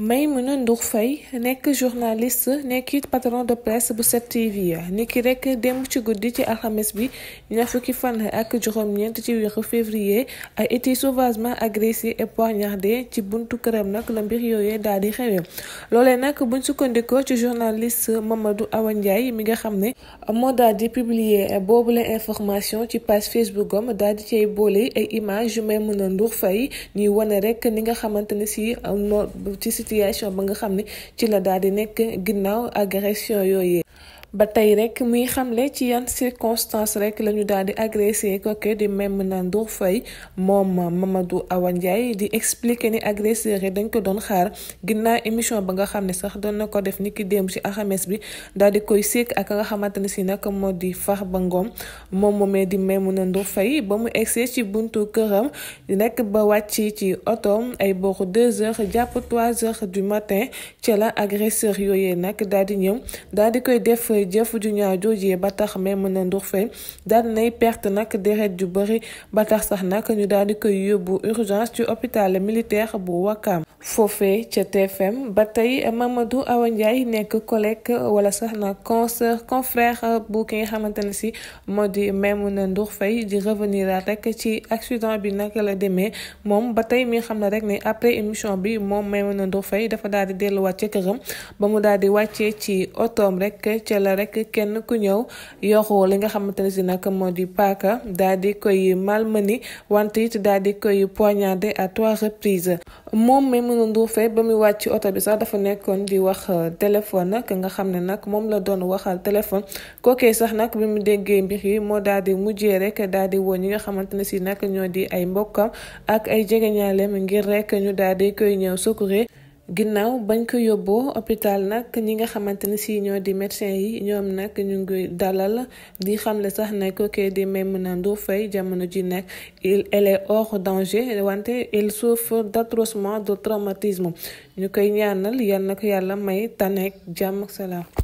Maimouna Ndour Faye nekk journaliste nekk it patron de presse bu 7TV ni ki rek dem ci guddi ci alxames bi ñaar fukki fan ak juróom-ñeent ci weexu février ay été sauvagement agressé et poignardé ci buntu këram nag la mbir yooyee daal di xewee loolee nag buñ sukkandikoo ci journaliste Mamadou Awa Ndiaye mi nga xam ne moo daal di publier boobu la information ci page Facebook am daal di cay boole ay image yu Maimouna Ndour Faye ñuy wane rek ni nga xamante ne situation ba nga xam ne ci la daal di nekk ginnaaw agression yooyu ba tey rek muy xamle ci yan circonstances rek la ñu daal di agressé kooku di Maimouna Ndour Faye moom Mamadou Awa Ndiaye di expliqué ni agresseur yi dañ ko doon xaar ginnaaw émission ba nga xam ne sax doon na ko def ni ki démb ci axamees bi daal di koy séq ak nga xamante ne si nag moo di Farba Ngom moom moomee di na Ndour Faye ba mu egsee ci buntu këram nekk ba wàcc ci otoom ay booru deux heures jàpp trois heures du matin ci la agresseur yooyee nag daal di ñëw daal jëf ju ñaaw joojee ba tax Maimouna Ndour Faye daal nay perte nag deret ju bari ba tax sax nak ñu daal di koy yóbbu urgence ci hôpital militaire bu Wakam foofee ca TFM ba tey Mamadou Awa Ndiaye nekk kolek wala sax nag consoeur confrère bu ki nga xamante ne si moo di Maimouna Ndour Faye di revenir rek ci accident bi nak la demee moom ba tey mi xam na rek ne après émission bi moom Maimouna Ndour Faye dafa daal di delluwaat ca këram ba mu daal wàccee ci otoom rek rek kenn ku ñëw yoxu li nga xamante ne si nag moo di paaka daal di koy malmeni wante it daal di koy poignardé à trois reprises moom Maimouna Ndour Faye ba muy wàcc oto bi sax dafa nekkoon di wax euh, téléphone nag nga xam ne nag moom la doon waxal euh, téléphone kookee sax nag bi mu déggee mbir yi moo daal di mujjee rek daal di woo ñi nga xamante ne si nag ñoo di ay mbokkam ak ay jegeñaaleem ngir rek ñu daal di koy ñëw secourir ginnaaw bañ ko yóbboo hôpital nag ñi nga xamante ne si ñoo di médecin yi ñoom nag ñu ngi dalal di xamle sax ne kookee di Maimouna Ndour Faye jamono ji nekk il elle hors danger wante il souffre d'atrocement de traumatisme ñu koy ñaanal yal na yàlla may taneek jàmm ak